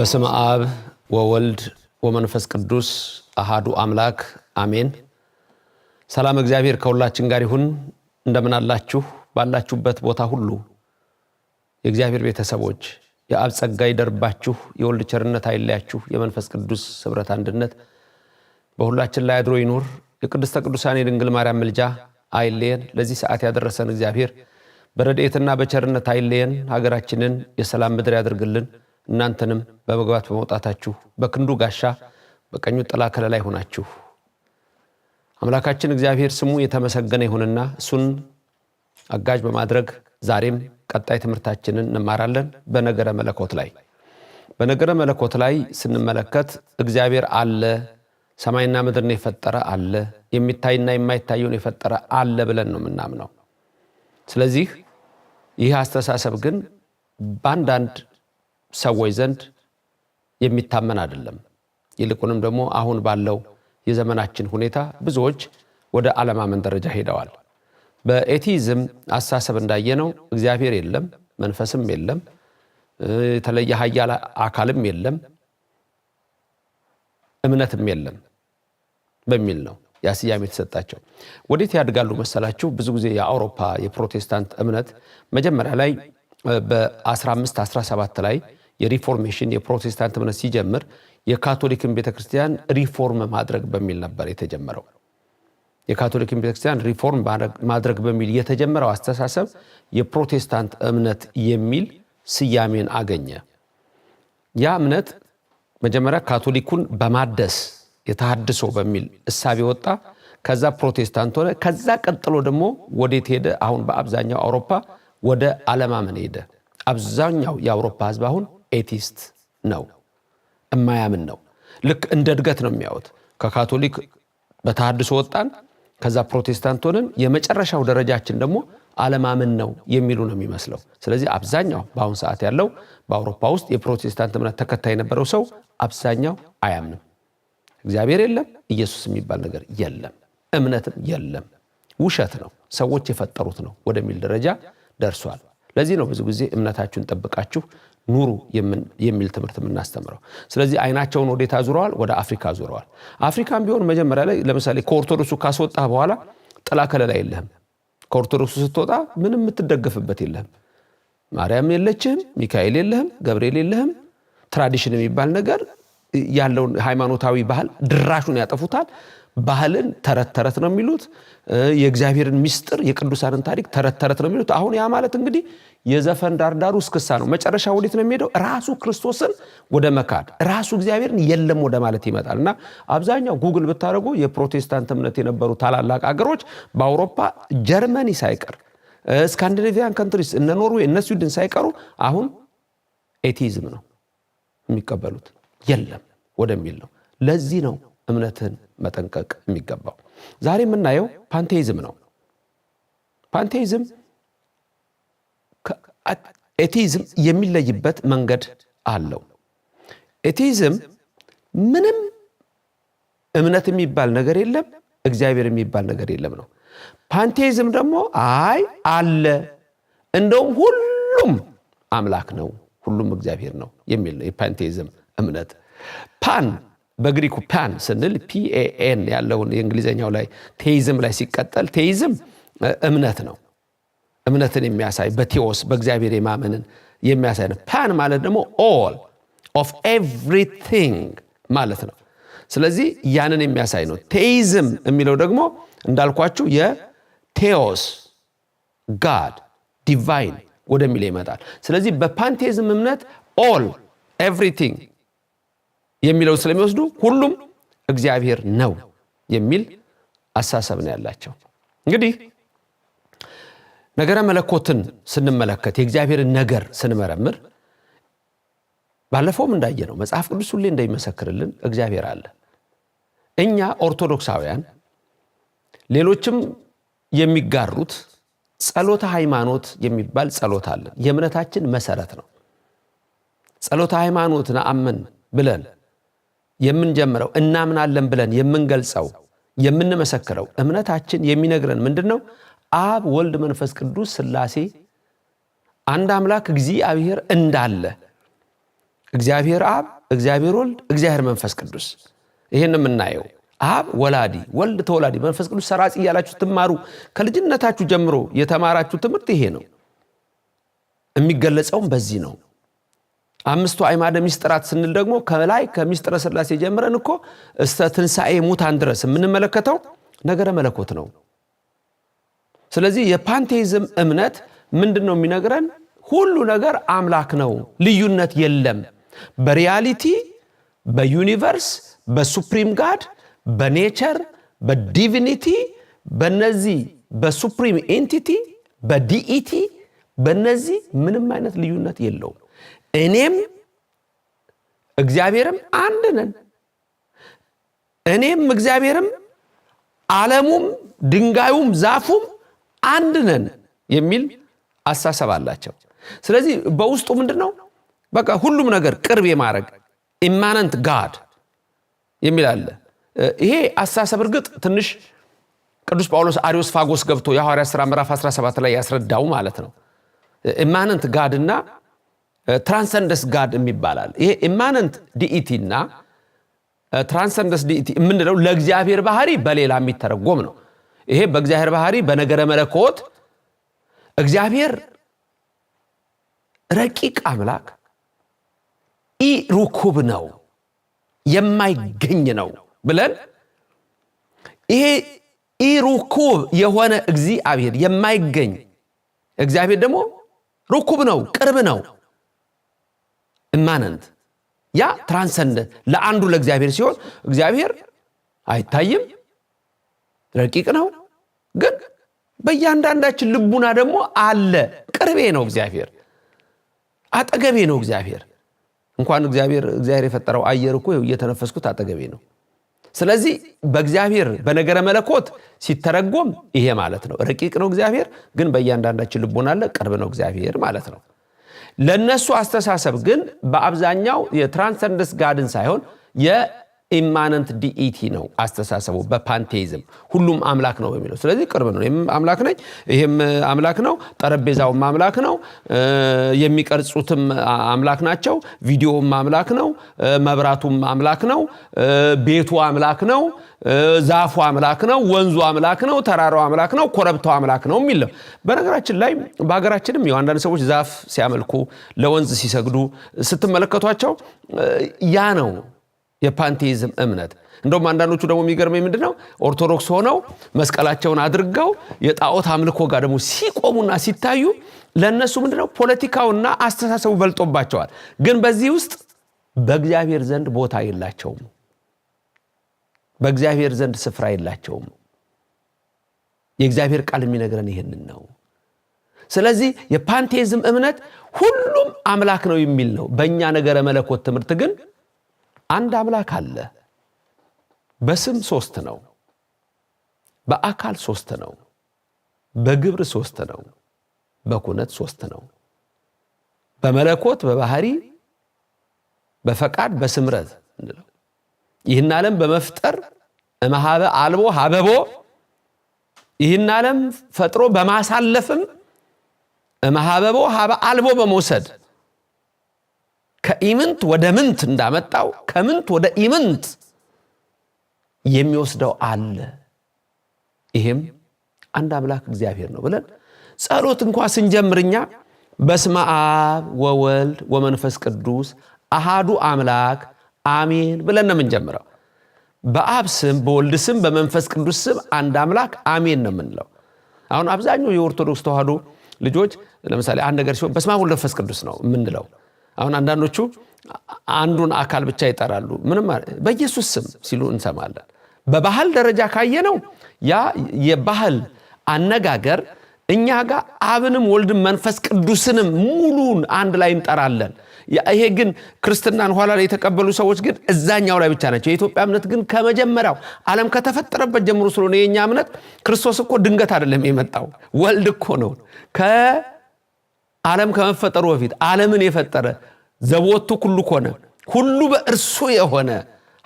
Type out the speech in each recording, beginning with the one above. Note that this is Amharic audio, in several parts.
በስመ አብ ወወልድ ወመንፈስ ቅዱስ አሃዱ አምላክ አሜን። ሰላም እግዚአብሔር ከሁላችን ጋር ይሁን። እንደምን አላችሁ? ባላችሁበት ቦታ ሁሉ የእግዚአብሔር ቤተሰቦች የአብ ጸጋ ይደርባችሁ፣ የወልድ ቸርነት አይለያችሁ፣ የመንፈስ ቅዱስ ኅብረት አንድነት በሁላችን ላይ አድሮ ይኑር። የቅድስተ ቅዱሳን የድንግል ማርያም ምልጃ አይለየን። ለዚህ ሰዓት ያደረሰን እግዚአብሔር በረድኤትና በቸርነት አይለየን። ሀገራችንን የሰላም ምድር ያድርግልን። እናንተንም በመግባት በመውጣታችሁ በክንዱ ጋሻ በቀኙ ጥላ ከለላ ይሆናችሁ። አምላካችን እግዚአብሔር ስሙ የተመሰገነ ይሁንና እሱን አጋዥ በማድረግ ዛሬም ቀጣይ ትምህርታችንን እንማራለን። በነገረ መለኮት ላይ በነገረ መለኮት ላይ ስንመለከት እግዚአብሔር አለ፣ ሰማይና ምድርን የፈጠረ አለ፣ የሚታይና የማይታየውን የፈጠረ አለ ብለን ነው የምናምነው። ስለዚህ ይህ አስተሳሰብ ግን በአንዳንድ ሰዎች ዘንድ የሚታመን አይደለም። ይልቁንም ደግሞ አሁን ባለው የዘመናችን ሁኔታ ብዙዎች ወደ አለማመን ደረጃ ሄደዋል። በኤቲዝም አስተሳሰብ እንዳየነው እግዚአብሔር የለም፣ መንፈስም የለም፣ የተለየ ኃያል አካልም የለም፣ እምነትም የለም በሚል ነው ያ ስያሜ የተሰጣቸው። ወዴት ያድጋሉ መሰላችሁ? ብዙ ጊዜ የአውሮፓ የፕሮቴስታንት እምነት መጀመሪያ ላይ በ1517 ላይ የሪፎርሜሽን የፕሮቴስታንት እምነት ሲጀምር የካቶሊክን ቤተክርስቲያን ሪፎርም ማድረግ በሚል ነበር የተጀመረው። የካቶሊክን ቤተክርስቲያን ሪፎርም ማድረግ በሚል የተጀመረው አስተሳሰብ የፕሮቴስታንት እምነት የሚል ስያሜን አገኘ። ያ እምነት መጀመሪያ ካቶሊኩን በማደስ የተሃድሶ በሚል እሳቤ ወጣ። ከዛ ፕሮቴስታንት ሆነ። ከዛ ቀጥሎ ደግሞ ወዴት ሄደ? አሁን በአብዛኛው አውሮፓ ወደ አለማመን ሄደ። አብዛኛው የአውሮፓ ህዝብ አሁን ኤቲስት ነው፣ እማያምን ነው። ልክ እንደ እድገት ነው የሚያዩት። ከካቶሊክ በተሃድሶ ወጣን፣ ከዛ ፕሮቴስታንት ሆንን፣ የመጨረሻው ደረጃችን ደግሞ አለማመን ነው የሚሉ ነው የሚመስለው። ስለዚህ አብዛኛው በአሁን ሰዓት ያለው በአውሮፓ ውስጥ የፕሮቴስታንት እምነት ተከታይ የነበረው ሰው አብዛኛው አያምንም። እግዚአብሔር የለም፣ ኢየሱስ የሚባል ነገር የለም፣ እምነትም የለም፣ ውሸት ነው፣ ሰዎች የፈጠሩት ነው ወደሚል ደረጃ ደርሷል። ለዚህ ነው ብዙ ጊዜ እምነታችሁን ጠብቃችሁ ኑሩ የሚል ትምህርት የምናስተምረው። ስለዚህ አይናቸውን ወዴታ ዙረዋል ወደ አፍሪካ ዙረዋል። አፍሪካም ቢሆን መጀመሪያ ላይ ለምሳሌ ከኦርቶዶክሱ ካስወጣ በኋላ ጥላ ከለላ የለህም። ከኦርቶዶክሱ ስትወጣ ምንም የምትደገፍበት የለህም። ማርያም የለችህም፣ ሚካኤል የለህም፣ ገብርኤል የለህም። ትራዲሽን የሚባል ነገር ያለውን ሃይማኖታዊ ባህል ድራሹን ያጠፉታል። ባህልን ተረት ተረት ነው የሚሉት። የእግዚአብሔርን ምስጢር የቅዱሳንን ታሪክ ተረት ተረት ነው የሚሉት። አሁን ያ ማለት እንግዲህ የዘፈን ዳርዳሩ እስክሳ ነው። መጨረሻ ወዴት ነው የሚሄደው? ራሱ ክርስቶስን ወደ መካድ ራሱ እግዚአብሔርን የለም ወደ ማለት ይመጣል እና አብዛኛው ጉግል ብታደርጉ የፕሮቴስታንት እምነት የነበሩ ታላላቅ አገሮች በአውሮፓ ጀርመኒ ሳይቀር ስካንዲኔቪያን ከንትሪስ እነ ኖርዌይ እነ ስዊድን ሳይቀሩ አሁን ኤቲዝም ነው የሚቀበሉት የለም ወደሚል ነው። ለዚህ ነው እምነትን መጠንቀቅ የሚገባው። ዛሬ የምናየው ፓንቴይዝም ነው። ፓንቴይዝም ኤቲዝም የሚለይበት መንገድ አለው። ኤቲዝም ምንም እምነት የሚባል ነገር የለም፣ እግዚአብሔር የሚባል ነገር የለም ነው። ፓንቴይዝም ደግሞ አይ አለ፣ እንደውም ሁሉም አምላክ ነው፣ ሁሉም እግዚአብሔር ነው የሚል ነው የፓንቴይዝም እምነት ፓን በግሪኩ ፓን ስንል ፒኤኤን ያለውን የእንግሊዝኛው ላይ ቴይዝም ላይ ሲቀጠል ቴይዝም እምነት ነው። እምነትን የሚያሳይ በቴዎስ በእግዚአብሔር የማመንን የሚያሳይ ነው። ፓን ማለት ደግሞ ኦል ኦፍ ኤቭሪቲንግ ማለት ነው። ስለዚህ ያንን የሚያሳይ ነው። ቴይዝም የሚለው ደግሞ እንዳልኳችሁ የቴዎስ ጋድ ዲቫይን ወደሚለው ይመጣል። ስለዚህ በፓንቴዝም እምነት ኦል ኤቭሪቲንግ የሚለው ስለሚወስዱ ሁሉም እግዚአብሔር ነው የሚል አሳሰብ ነው ያላቸው። እንግዲህ ነገረ መለኮትን ስንመለከት የእግዚአብሔርን ነገር ስንመረምር ባለፈውም እንዳየ ነው መጽሐፍ ቅዱስ ሁሌ እንደሚመሰክርልን እግዚአብሔር አለ። እኛ ኦርቶዶክሳውያን ሌሎችም የሚጋሩት ጸሎተ ሃይማኖት የሚባል ጸሎት አለን። የእምነታችን መሰረት ነው። ጸሎተ ሃይማኖት አምን ብለን የምንጀምረው እናምናለን ብለን የምንገልጸው የምንመሰክረው እምነታችን የሚነግረን ምንድን ነው? አብ ወልድ፣ መንፈስ ቅዱስ ስላሴ አንድ አምላክ እግዚአብሔር እንዳለ እግዚአብሔር አብ፣ እግዚአብሔር ወልድ፣ እግዚአብሔር መንፈስ ቅዱስ። ይህን የምናየው አብ ወላዲ፣ ወልድ ተወላዲ፣ መንፈስ ቅዱስ ሰራጺ እያላችሁ ትማሩ። ከልጅነታችሁ ጀምሮ የተማራችሁ ትምህርት ይሄ ነው። የሚገለጸውም በዚህ ነው። አምስቱ አይማደ ሚስጥራት ስንል ደግሞ ከላይ ከሚስጥረ ስላሴ ጀምረን እኮ እስተ ትንሣኤ ሙታን ድረስ የምንመለከተው ነገረ መለኮት ነው። ስለዚህ የፓንቴይዝም እምነት ምንድን ነው የሚነግረን? ሁሉ ነገር አምላክ ነው፣ ልዩነት የለም። በሪያሊቲ በዩኒቨርስ በሱፕሪም ጋድ በኔቸር በዲቪኒቲ በነዚህ በሱፕሪም ኤንቲቲ በዲኢቲ በነዚህ ምንም አይነት ልዩነት የለውም። እኔም እግዚአብሔርም አንድ ነን። እኔም እግዚአብሔርም ዓለሙም ድንጋዩም ዛፉም አንድ ነን የሚል አሳሰብ አላቸው። ስለዚህ በውስጡ ምንድን ነው? በቃ ሁሉም ነገር ቅርብ የማድረግ ኢማነንት ጋድ የሚል አለ። ይሄ አሳሰብ እርግጥ ትንሽ ቅዱስ ጳውሎስ ፋጎስ ገብቶ የሐዋርያ ሥራ ምዕራፍ 17 ላይ ያስረዳው ማለት ነው። ኢማነንት ጋድና ትራንሰንደስ ጋድ የሚባላል ይሄ ኢማነንት ዲኢቲ እና ትራንሰንደስ ዲኢቲ የምንለው ለእግዚአብሔር ባህሪ በሌላ የሚተረጎም ነው። ይሄ በእግዚአብሔር ባህሪ በነገረ መለኮት እግዚአብሔር ረቂቅ አምላክ ኢ ሩኩብ ነው የማይገኝ ነው ብለን ይሄ ኢ ሩኩብ የሆነ እግዚአብሔር የማይገኝ እግዚአብሔር ደግሞ ሩኩብ ነው ቅርብ ነው እማነንት ያ ትራንሰንደንት ለአንዱ ለእግዚአብሔር ሲሆን እግዚአብሔር አይታይም፣ ረቂቅ ነው። ግን በእያንዳንዳችን ልቡና ደግሞ አለ። ቅርቤ ነው እግዚአብሔር፣ አጠገቤ ነው እግዚአብሔር። እንኳን እግዚአብሔር እግዚአብሔር የፈጠረው አየር እኮ እየተነፈስኩት አጠገቤ ነው። ስለዚህ በእግዚአብሔር በነገረ መለኮት ሲተረጎም ይሄ ማለት ነው። ረቂቅ ነው እግዚአብሔር፣ ግን በእያንዳንዳችን ልቦና አለ። ቅርብ ነው እግዚአብሔር ማለት ነው። ለእነሱ አስተሳሰብ ግን በአብዛኛው የትራንሰንደስ ጋድን ሳይሆን ኢማነንት ዲኢቲ ነው አስተሳሰቡ በፓንቴይዝም ሁሉም አምላክ ነው በሚለው ስለዚህ ቅርብ ነው ይህም አምላክ ነኝ ይህም አምላክ ነው ጠረጴዛውም አምላክ ነው የሚቀርጹትም አምላክ ናቸው ቪዲዮውም አምላክ ነው መብራቱም አምላክ ነው ቤቱ አምላክ ነው ዛፉ አምላክ ነው ወንዙ አምላክ ነው ተራራው አምላክ ነው ኮረብታው አምላክ ነው የሚል ነው በነገራችን ላይ በሀገራችንም ያው አንዳንድ ሰዎች ዛፍ ሲያመልኩ ለወንዝ ሲሰግዱ ስትመለከቷቸው ያ ነው የፓንቴይዝም እምነት እንደውም አንዳንዶቹ ደግሞ የሚገርመኝ ምንድን ነው ኦርቶዶክስ ሆነው መስቀላቸውን አድርገው የጣዖት አምልኮ ጋር ደግሞ ሲቆሙና ሲታዩ ለእነሱ ምንድነው ፖለቲካውና አስተሳሰቡ በልጦባቸዋል። ግን በዚህ ውስጥ በእግዚአብሔር ዘንድ ቦታ የላቸውም። በእግዚአብሔር ዘንድ ስፍራ የላቸውም። የእግዚአብሔር ቃል የሚነግረን ይህንን ነው። ስለዚህ የፓንቴዝም እምነት ሁሉም አምላክ ነው የሚል ነው። በእኛ ነገረ መለኮት ትምህርት ግን አንድ አምላክ አለ። በስም ሶስት ነው፣ በአካል ሶስት ነው፣ በግብር ሶስት ነው፣ በኩነት ሶስት ነው። በመለኮት በባህሪ በፈቃድ በስምረት እንለው። ይህን ዓለም በመፍጠር እመሃበ አልቦ ሀበቦ ይህን ዓለም ፈጥሮ በማሳለፍም እመሃበቦ ሀበ አልቦ በመውሰድ ከኢምንት ወደ ምንት እንዳመጣው ከምንት ወደ ኢምንት የሚወስደው አለ። ይሄም አንድ አምላክ እግዚአብሔር ነው ብለን ጸሎት እንኳ ስንጀምር እኛ በስመ አብ ወወልድ ወመንፈስ ቅዱስ አሃዱ አምላክ አሜን ብለን ነው የምንጀምረው። በአብ ስም በወልድ ስም በመንፈስ ቅዱስ ስም አንድ አምላክ አሜን ነው የምንለው። አሁን አብዛኛው የኦርቶዶክስ ተዋህዶ ልጆች ለምሳሌ አንድ ነገር ሲሆን በስማ ወልድ መንፈስ ቅዱስ ነው የምንለው። አሁን አንዳንዶቹ አንዱን አካል ብቻ ይጠራሉ። ምንም በኢየሱስ ስም ሲሉ እንሰማለን። በባህል ደረጃ ካየ ነው። ያ የባህል አነጋገር እኛ ጋር አብንም ወልድም መንፈስ ቅዱስንም ሙሉን አንድ ላይ እንጠራለን። ይሄ ግን ክርስትናን ኋላ ላይ የተቀበሉ ሰዎች ግን እዛኛው ላይ ብቻ ናቸው። የኢትዮጵያ እምነት ግን ከመጀመሪያው ዓለም ከተፈጠረበት ጀምሮ ስለሆነ የእኛ እምነት ክርስቶስ እኮ ድንገት አይደለም የመጣው ወልድ እኮ ነው ዓለም ከመፈጠሩ በፊት ዓለምን የፈጠረ ዘቦቱ ኩሉ ኮነ ሁሉ በእርሱ የሆነ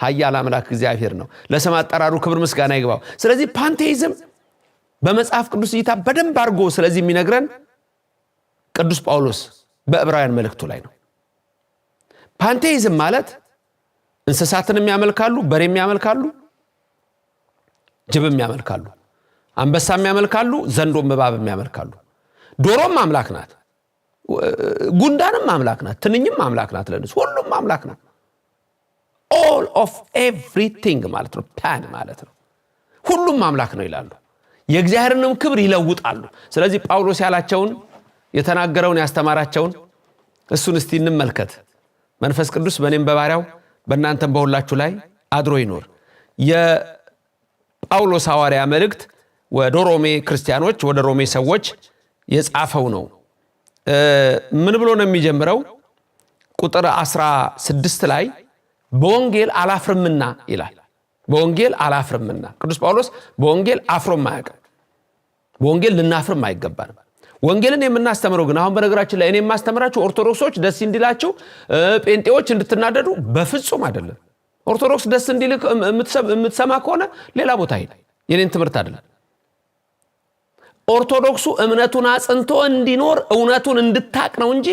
ሀያል አምላክ እግዚአብሔር ነው። ለስም አጠራሩ ክብር ምስጋና ይግባው። ስለዚህ ፓንቴይዝም በመጽሐፍ ቅዱስ እይታ በደንብ አድርጎ ስለዚህ የሚነግረን ቅዱስ ጳውሎስ በዕብራውያን መልእክቱ ላይ ነው። ፓንቴይዝም ማለት እንስሳትንም ያመልካሉ፣ በሬም ያመልካሉ፣ ጅብም ያመልካሉ፣ አንበሳም ያመልካሉ፣ ዘንዶም እባብም ያመልካሉ። ዶሮም አምላክ ናት። ጉንዳንም አምላክ ናት፣ ትንኝም አምላክ ናት፣ ለንስ ሁሉም አምላክ ናት። ኦል ኦፍ ኤቭሪቲንግ ማለት ነው፣ ፓን ማለት ነው። ሁሉም አምላክ ነው ይላሉ፣ የእግዚአብሔርንም ክብር ይለውጣሉ። ስለዚህ ጳውሎስ ያላቸውን የተናገረውን ያስተማራቸውን እሱን እስቲ እንመልከት። መንፈስ ቅዱስ በእኔም በባሪያው በእናንተም በሁላችሁ ላይ አድሮ ይኖር። የጳውሎስ ሐዋርያ መልእክት ወደ ሮሜ ክርስቲያኖች ወደ ሮሜ ሰዎች የጻፈው ነው። ምን ብሎ ነው የሚጀምረው? ቁጥር 16 ላይ በወንጌል አላፍርምና ይላል። በወንጌል አላፍርምና ቅዱስ ጳውሎስ በወንጌል አፍሮም አያውቅም። በወንጌል ልናፍርም አይገባንም። ወንጌልን የምናስተምረው ግን አሁን በነገራችን ላይ እኔ የማስተምራችሁ ኦርቶዶክሶች ደስ እንዲላችሁ፣ ጴንጤዎች እንድትናደዱ በፍጹም አይደለም። ኦርቶዶክስ ደስ እንዲልህ የምትሰማ ከሆነ ሌላ ቦታ ሄድ፣ የኔን ትምህርት አይደለም። ኦርቶዶክሱ እምነቱን አጽንቶ እንዲኖር እውነቱን እንድታቅ ነው እንጂ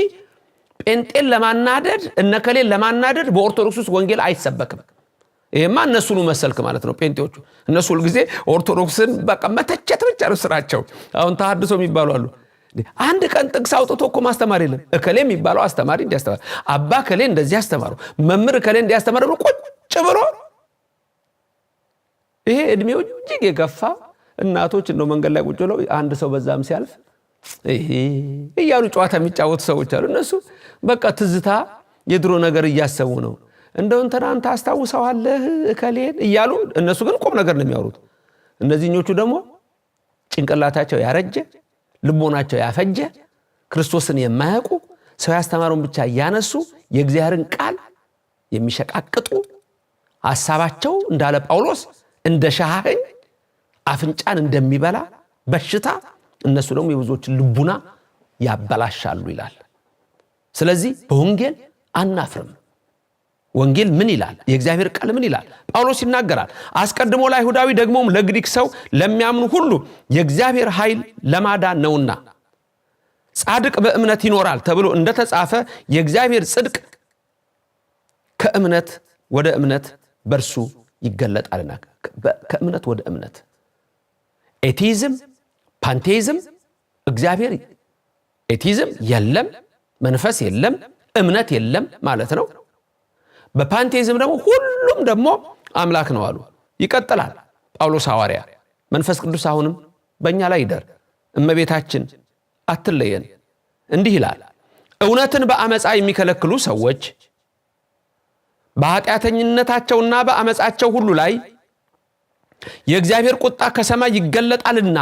ጴንጤን ለማናደድ እነከሌን ለማናደድ በኦርቶዶክስ ውስጥ ወንጌል አይሰበክም። ይህማ እነሱኑ መሰልክ ማለት ነው። ጴንጤዎቹ እነሱ ሁልጊዜ ኦርቶዶክስን በቃ መተቸት ብቻ ነው ስራቸው። አሁን ተሐድሶ የሚባሉ አሉ። አንድ ቀን ጥቅስ አውጥቶ እኮ ማስተማር የለም። እከሌ የሚባለው አስተማሪ እንዲያስተማር፣ አባ እከሌ እንደዚህ አስተማሩ መምር እከሌ እንዲያስተማር ብሎ ቁጭ ብሎ ይሄ እድሜው እጅግ የገፋ እናቶች እንደው መንገድ ላይ ቁጭ ብለው አንድ ሰው በዛም ሲያልፍ እያሉ ጨዋታ የሚጫወቱ ሰዎች አሉ። እነሱ በቃ ትዝታ የድሮ ነገር እያሰቡ ነው። እንደው እንትናን አስታውሰዋለህ እከሌን እያሉ እነሱ ግን ቁም ነገር ነው የሚያወሩት። እነዚህኞቹ ደግሞ ጭንቅላታቸው ያረጀ፣ ልቦናቸው ያፈጀ፣ ክርስቶስን የማያውቁ ሰው ያስተማረውን ብቻ እያነሱ የእግዚአብሔርን ቃል የሚሸቃቅጡ ሀሳባቸው እንዳለ ጳውሎስ እንደ ሻሃኝ አፍንጫን እንደሚበላ በሽታ እነሱ ደግሞ የብዙዎችን ልቡና ያበላሻሉ ይላል። ስለዚህ በወንጌል አናፍርም። ወንጌል ምን ይላል? የእግዚአብሔር ቃል ምን ይላል? ጳውሎስ ይናገራል። አስቀድሞ ለአይሁዳዊ ደግሞም ለግሪክ ሰው ለሚያምኑ ሁሉ የእግዚአብሔር ኃይል ለማዳን ነውና ጻድቅ በእምነት ይኖራል ተብሎ እንደተጻፈ የእግዚአብሔር ጽድቅ ከእምነት ወደ እምነት በእርሱ ይገለጣልና ከእምነት ወደ እምነት ኤቲዝም፣ ፓንቴይዝም እግዚአብሔር ኤቲዝም የለም መንፈስ የለም እምነት የለም ማለት ነው። በፓንቴይዝም ደግሞ ሁሉም ደግሞ አምላክ ነው አሉ። ይቀጥላል ጳውሎስ ሐዋርያ መንፈስ ቅዱስ አሁንም በእኛ ላይ ይደር፣ እመቤታችን አትለየን። እንዲህ ይላል እውነትን በአመፃ የሚከለክሉ ሰዎች በኃጢአተኝነታቸውና በአመፃቸው ሁሉ ላይ የእግዚአብሔር ቁጣ ከሰማይ ይገለጣልና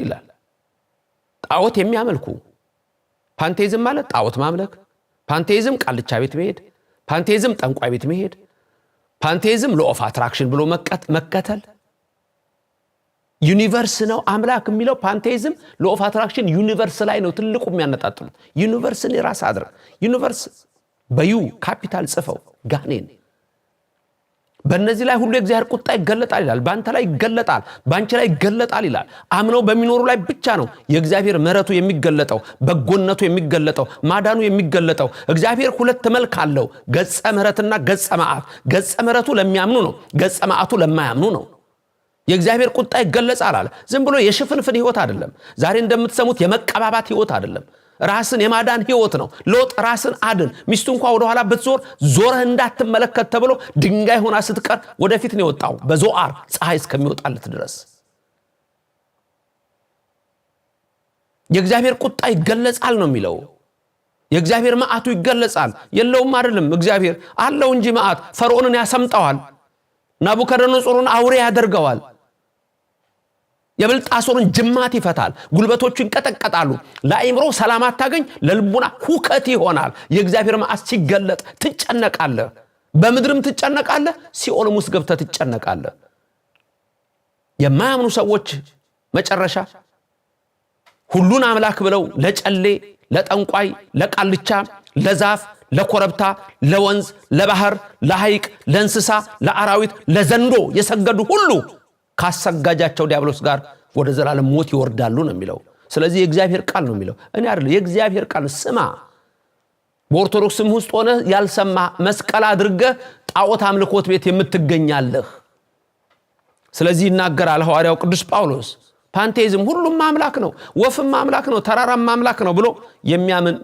ይላል። ጣዖት የሚያመልኩ ፓንቴዝም ማለት ጣዖት ማምለክ፣ ፓንቴዝም ቃልቻ ቤት መሄድ፣ ፓንቴዝም ጠንቋይ ቤት መሄድ፣ ፓንቴዝም ሎኦፍ አትራክሽን ብሎ መከተል ዩኒቨርስ ነው አምላክ የሚለው ፓንቴዝም ለኦፍ አትራክሽን ዩኒቨርስ ላይ ነው ትልቁ የሚያነጣጥሉት። ዩኒቨርስን የራስ አድረግ ዩኒቨርስ በዩ ካፒታል ጽፈው ጋኔን በእነዚህ ላይ ሁሉ የእግዚአብሔር ቁጣ ይገለጣል ይላል። በአንተ ላይ ይገለጣል፣ በአንቺ ላይ ይገለጣል ይላል። አምነው በሚኖሩ ላይ ብቻ ነው የእግዚአብሔር ምረቱ የሚገለጠው፣ በጎነቱ የሚገለጠው፣ ማዳኑ የሚገለጠው። እግዚአብሔር ሁለት መልክ አለው፣ ገጸ ምረትና ገጸ መዓት። ገጸ ምረቱ ለሚያምኑ ነው፣ ገጸ መዓቱ ለማያምኑ ነው። የእግዚአብሔር ቁጣ ይገለጻል አለ። ዝም ብሎ የሽፍንፍን ህይወት አይደለም። ዛሬ እንደምትሰሙት የመቀባባት ህይወት አይደለም። ራስን የማዳን ህይወት ነው። ሎጥ ራስን አድን፣ ሚስቱ እንኳ ወደኋላ ብትዞር ዞረህ እንዳትመለከት ተብሎ ድንጋይ ሆና ስትቀር ወደፊት ነው የወጣው በዞአር ፀሐይ እስከሚወጣለት ድረስ የእግዚአብሔር ቁጣ ይገለጻል ነው የሚለው። የእግዚአብሔር መዓቱ ይገለጻል። የለውም አይደለም፣ እግዚአብሔር አለው እንጂ መዓት ፈርዖንን ያሰምጠዋል፣ ናቡከደነጾርን አውሬ ያደርገዋል። የብልጣሶርን ጅማት ይፈታል። ጉልበቶቹ ይንቀጠቀጣሉ። ለአእምሮ ሰላም አታገኝ፣ ለልቡና ሁከት ይሆናል። የእግዚአብሔር መዓስ ሲገለጥ ትጨነቃለህ፣ በምድርም ትጨነቃለህ፣ ሲኦልም ውስጥ ገብተ ትጨነቃለህ። የማያምኑ ሰዎች መጨረሻ ሁሉን አምላክ ብለው ለጨሌ፣ ለጠንቋይ፣ ለቃልቻ፣ ለዛፍ፣ ለኮረብታ፣ ለወንዝ፣ ለባህር፣ ለሐይቅ፣ ለእንስሳ፣ ለአራዊት፣ ለዘንዶ የሰገዱ ሁሉ ካሰጋጃቸው ዲያብሎስ ጋር ወደ ዘላለም ሞት ይወርዳሉ ነው የሚለው። ስለዚህ የእግዚአብሔር ቃል ነው የሚለው። እኔ አይደለ የእግዚአብሔር ቃል ስማ። በኦርቶዶክስም ውስጥ ሆነ ያልሰማ መስቀል አድርገህ ጣዖት አምልኮት ቤት የምትገኛለህ። ስለዚህ ይናገራል ሐዋርያው ቅዱስ ጳውሎስ ፓንቴዝም ሁሉም አምላክ ነው፣ ወፍም አምላክ ነው፣ ተራራም አምላክ ነው ብሎ የሚያምን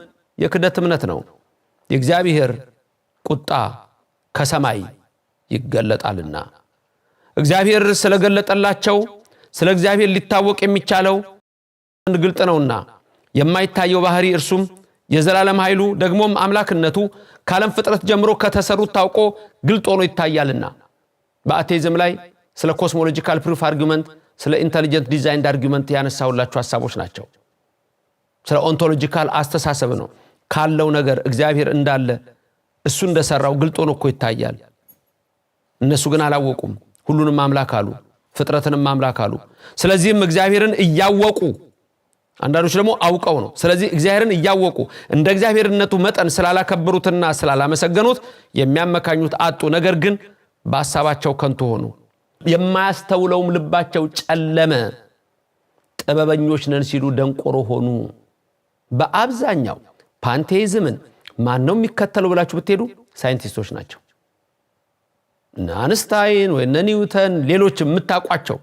የክደት እምነት ነው። የእግዚአብሔር ቁጣ ከሰማይ ይገለጣልና እግዚአብሔር ስለገለጠላቸው ስለ እግዚአብሔር ሊታወቅ የሚቻለው ግልጥ ነውና የማይታየው ባህሪ እርሱም የዘላለም ኃይሉ ደግሞም አምላክነቱ ከዓለም ፍጥረት ጀምሮ ከተሰሩት ታውቆ ግልጥ ሆኖ ይታያልና በአቴዝም ላይ ስለ ኮስሞሎጂካል ፕሩፍ አርጊመንት ስለ ኢንተሊጀንት ዲዛይን አርጊመንት ያነሳውላቸው ሀሳቦች ናቸው። ስለ ኦንቶሎጂካል አስተሳሰብ ነው። ካለው ነገር እግዚአብሔር እንዳለ እሱ እንደሰራው ግልጦ ሆኖ እኮ ይታያል። እነሱ ግን አላወቁም። ሁሉንም አምላክ አሉ፣ ፍጥረትንም አምላክ አሉ። ስለዚህም እግዚአብሔርን እያወቁ አንዳንዶች ደግሞ አውቀው ነው። ስለዚህ እግዚአብሔርን እያወቁ እንደ እግዚአብሔርነቱ መጠን ስላላከበሩትና ስላላመሰገኑት የሚያመካኙት አጡ። ነገር ግን በሀሳባቸው ከንቱ ሆኑ፣ የማያስተውለውም ልባቸው ጨለመ። ጥበበኞች ነን ሲሉ ደንቆሮ ሆኑ። በአብዛኛው ፓንቴይዝምን ማን ነው የሚከተለው ብላችሁ ብትሄዱ ሳይንቲስቶች ናቸው። እነ አንስታይን ወይ እነ ኒውተን ሌሎች የምታውቋቸው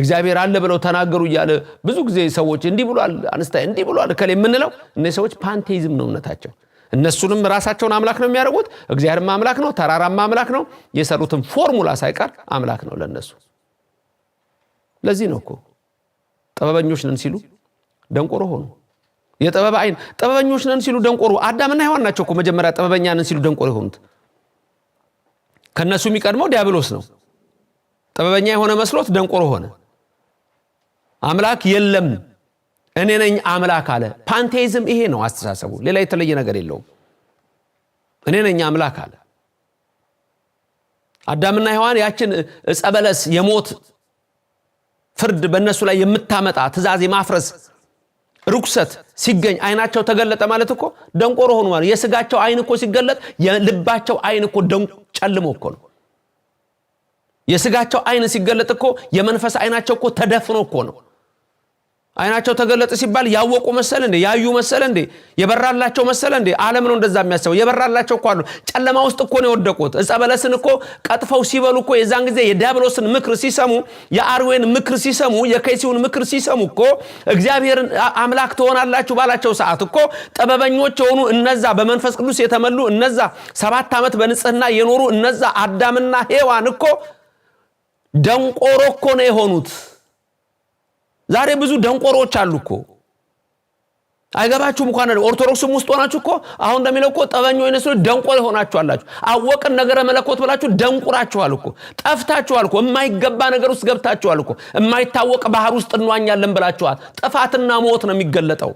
እግዚአብሔር አለ ብለው ተናገሩ እያለ ብዙ ጊዜ ሰዎች እንዲህ ብሏል፣ አንስታይ እንዲህ ብሏል፣ እከሌ የምንለው እነዚህ ሰዎች ፓንቴይዝም ነው እምነታቸው። እነሱንም ራሳቸውን አምላክ ነው የሚያደርጉት። እግዚአብሔር አምላክ ነው፣ ተራራም አምላክ ነው። የሰሩትን ፎርሙላ ሳይቀር አምላክ ነው ለነሱ። ለዚህ ነው እኮ ጥበበኞች ነን ሲሉ ደንቆሮ ሆኑ። የጥበብ አይን ጥበበኞች ነን ሲሉ ደንቆሮ አዳምና ሔዋን ናቸው መጀመሪያ ጥበበኛ ነን ሲሉ ደንቆሮ የሆኑት። ከነሱ የሚቀድመው ዲያብሎስ ነው። ጥበበኛ የሆነ መስሎት ደንቆሮ ሆነ። አምላክ የለም እኔ ነኝ አምላክ አለ። ፓንቴይዝም ይሄ ነው አስተሳሰቡ። ሌላ የተለየ ነገር የለውም። እኔ ነኝ አምላክ አለ። አዳምና ሔዋን ያችን እጸበለስ የሞት ፍርድ በእነሱ ላይ የምታመጣ ትእዛዝ የማፍረስ ርኩሰት ሲገኝ አይናቸው ተገለጠ ማለት እኮ ደንቆሮ ሆኑ ማለት። የስጋቸው አይን እኮ ሲገለጥ የልባቸው አይን እኮ ጨልሞ እኮ ነው። የስጋቸው አይን ሲገለጥ እኮ የመንፈስ አይናቸው እኮ ተደፍኖ እኮ ነው። አይናቸው ተገለጠ ሲባል ያወቁ መሰል እንዴ? ያዩ መሰል እንዴ? የበራላቸው መሰል እንዴ? ዓለም ነው እንደዛ የሚያስበው። የበራላቸው እኮ አሉ። ጨለማ ውስጥ እኮ ነው የወደቁት። ዕፀ በለስን እኮ ቀጥፈው ሲበሉ እኮ የዛን ጊዜ የዲያብሎስን ምክር ሲሰሙ፣ የአርዌን ምክር ሲሰሙ፣ የከይሲውን ምክር ሲሰሙ እኮ እግዚአብሔርን አምላክ ትሆናላችሁ ባላቸው ሰዓት እኮ ጥበበኞች የሆኑ እነዛ በመንፈስ ቅዱስ የተመሉ እነዛ ሰባት ዓመት በንጽህና የኖሩ እነዛ አዳምና ሔዋን እኮ ደንቆሮ እኮ ነው የሆኑት። ዛሬ ብዙ ደንቆሮዎች አሉ እኮ አይገባችሁም። እኳ ኦርቶዶክስም ውስጥ ሆናችሁ እኮ አሁን እንደሚለው እኮ ጠበኞ ይነስ ደንቆር ሆናችኋላችሁ። አወቅን ነገረ መለኮት ብላችሁ ደንቁራችኋል እኮ ጠፍታችኋል እኮ የማይገባ ነገር ውስጥ ገብታችኋል እኮ የማይታወቅ ባህር ውስጥ እንዋኛለን ብላችኋል። ጥፋትና ሞት ነው የሚገለጠው።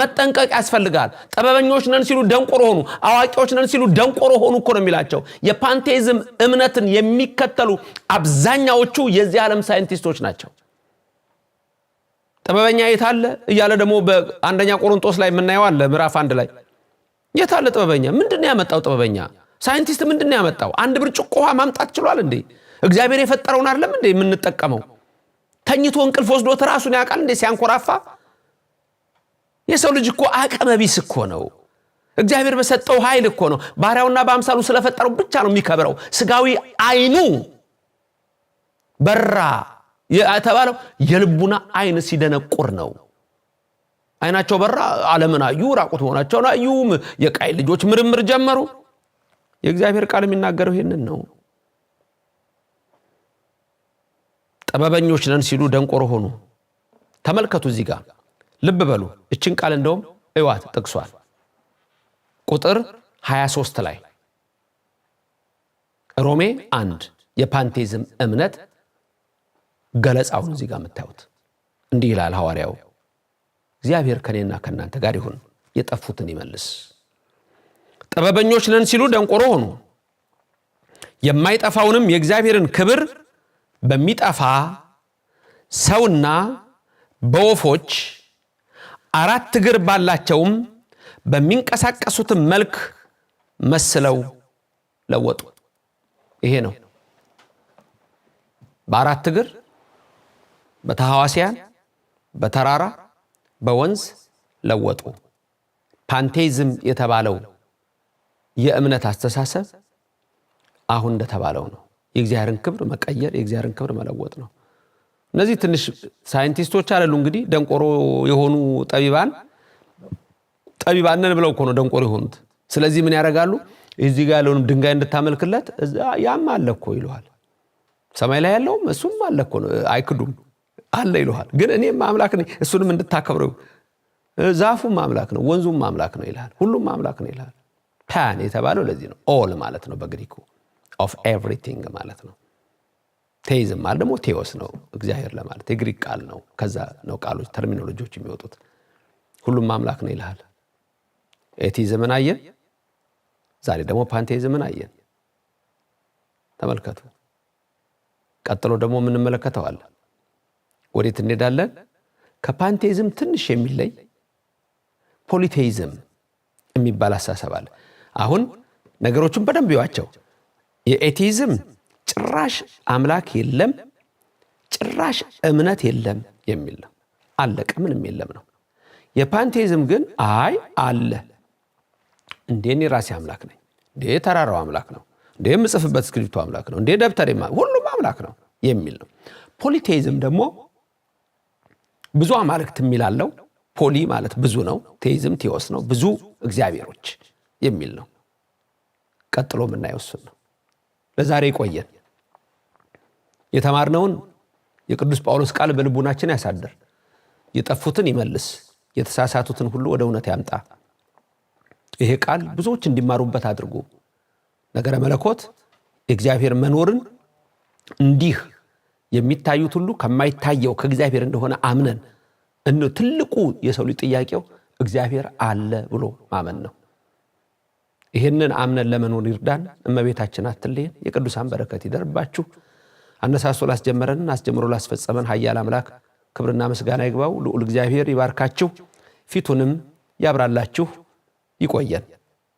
መጠንቀቅ ያስፈልጋል። ጠበበኞች ነን ሲሉ ደንቆሮ ሆኑ፣ አዋቂዎች ነን ሲሉ ደንቆሮ ሆኑ እኮ ነው የሚላቸው። የፓንቴዝም እምነትን የሚከተሉ አብዛኛዎቹ የዚህ ዓለም ሳይንቲስቶች ናቸው። ጥበበኛ የት አለ እያለ ደግሞ በአንደኛ ቆሮንጦስ ላይ የምናየው አለ ምዕራፍ አንድ ላይ የት አለ ጥበበኛ? ምንድን ያመጣው ጥበበኛ ሳይንቲስት ምንድን ያመጣው? አንድ ብርጭቆ ውሃ ማምጣት ችሏል እንዴ? እግዚአብሔር የፈጠረውን አይደለም እንዴ የምንጠቀመው? ተኝቶ እንቅልፍ ወስዶት ራሱን ያውቃል እንዴ ሲያንኮራፋ? የሰው ልጅ እኮ አቀመቢስ እኮ ነው። እግዚአብሔር በሰጠው ኃይል እኮ ነው። ባሪያውና በአምሳሉ ስለፈጠረው ብቻ ነው የሚከብረው። ስጋዊ አይኑ በራ የተባለው የልቡና አይን ሲደነቁር ነው። አይናቸው በራ፣ ዓለምን አዩ፣ ራቁት መሆናቸውን አዩ። የቃይ ልጆች ምርምር ጀመሩ። የእግዚአብሔር ቃል የሚናገረው ይህንን ነው። ጥበበኞች ነን ሲሉ ደንቆሮ ሆኑ። ተመልከቱ፣ እዚህ ጋር ልብ በሉ። እችን ቃል እንደውም እዋት ጥቅሷል ቁጥር 23 ላይ ሮሜ አንድ የፓንቴዝም እምነት ገለጻውን እዚህ ጋር የምታዩት እንዲህ ይላል ሐዋርያው፣ እግዚአብሔር ከእኔና ከእናንተ ጋር ይሁን፣ የጠፉትን ይመልስ። ጥበበኞች ነን ሲሉ ደንቆሮ ሆኑ። የማይጠፋውንም የእግዚአብሔርን ክብር በሚጠፋ ሰውና በወፎች አራት እግር ባላቸውም በሚንቀሳቀሱትም መልክ መስለው ለወጡ። ይሄ ነው በአራት እግር በተሐዋስያን በተራራ በወንዝ ለወጡ። ፓንቴዝም የተባለው የእምነት አስተሳሰብ አሁን እንደተባለው ነው። የእግዚአብሔርን ክብር መቀየር፣ የእግዚአብሔርን ክብር መለወጥ ነው። እነዚህ ትንሽ ሳይንቲስቶች አለሉ እንግዲህ ደንቆሮ የሆኑ ጠቢባን ጠቢባነን ብለው እኮ ነው ደንቆሮ የሆኑት። ስለዚህ ምን ያደርጋሉ? እዚህ ጋር ያለውንም ድንጋይ እንድታመልክለት ያም አለኮ ይለዋል። ሰማይ ላይ ያለውም እሱም አለኮ ነው። አይክዱም። አለ ይልሃል። ግን እኔም አምላክ ነኝ፣ እሱንም እንድታከብረው ዛፉም አምላክ ነው፣ ወንዙም አምላክ ነው ይልሃል። ሁሉም አምላክ ነው ይልሃል። ፓን የተባለው ለዚህ ነው። ኦል ማለት ነው በግሪኩ ኦፍ ኤቭሪቲንግ ማለት ነው። ቴይዝም ማለት ደግሞ ቴዎስ ነው እግዚአብሔር ለማለት የግሪክ ቃል ነው። ከዛ ነው ቃሎች ተርሚኖሎጂዎች የሚወጡት። ሁሉም አምላክ ነው ይልሃል። ኤቲዝምን አየን፣ ዛሬ ደግሞ ፓንቴይዝምን አየን። ተመልከቱ። ቀጥሎ ደግሞ የምንመለከተዋለን ወዴት እንሄዳለን? ከፓንቴዝም ትንሽ የሚለይ ፖሊቴይዝም የሚባል አሳሰብ አለ። አሁን ነገሮቹን በደንብ ይዋቸው። የኤቲዝም ጭራሽ አምላክ የለም፣ ጭራሽ እምነት የለም የሚል ነው። አለቀ፣ ምንም የለም ነው። የፓንቴዝም ግን አይ አለ እንዴ፣ እኔ ራሴ አምላክ ነኝ እንዴ፣ ተራራው አምላክ ነው እንዴ፣ የምጽፍበት እስክሪብቶ አምላክ ነው እንዴ፣ ደብተር ሁሉም አምላክ ነው የሚል ነው። ፖሊቴይዝም ደግሞ ብዙ አማልክት የሚላለው ፖሊ ማለት ብዙ ነው። ቴይዝም ቴዎስ ነው፣ ብዙ እግዚአብሔሮች የሚል ነው። ቀጥሎ የምናየው እሱን ነው። ለዛሬ ይቆየን። የተማርነውን የቅዱስ ጳውሎስ ቃል በልቡናችን ያሳድር። የጠፉትን ይመልስ፣ የተሳሳቱትን ሁሉ ወደ እውነት ያምጣ። ይሄ ቃል ብዙዎች እንዲማሩበት አድርጉ። ነገረ መለኮት የእግዚአብሔር መኖርን እንዲህ የሚታዩት ሁሉ ከማይታየው ከእግዚአብሔር እንደሆነ አምነን እነ ትልቁ የሰው ልጅ ጥያቄው እግዚአብሔር አለ ብሎ ማመን ነው። ይህንን አምነን ለመኖር ይርዳን። እመቤታችን አትለየን። የቅዱሳን በረከት ይደርባችሁ። አነሳሶ ላስጀመረን አስጀምሮ ላስፈጸመን ሀያል አምላክ ክብርና ምስጋና ይግባው። ልዑል እግዚአብሔር ይባርካችሁ፣ ፊቱንም ያብራላችሁ፣ ይቆየን።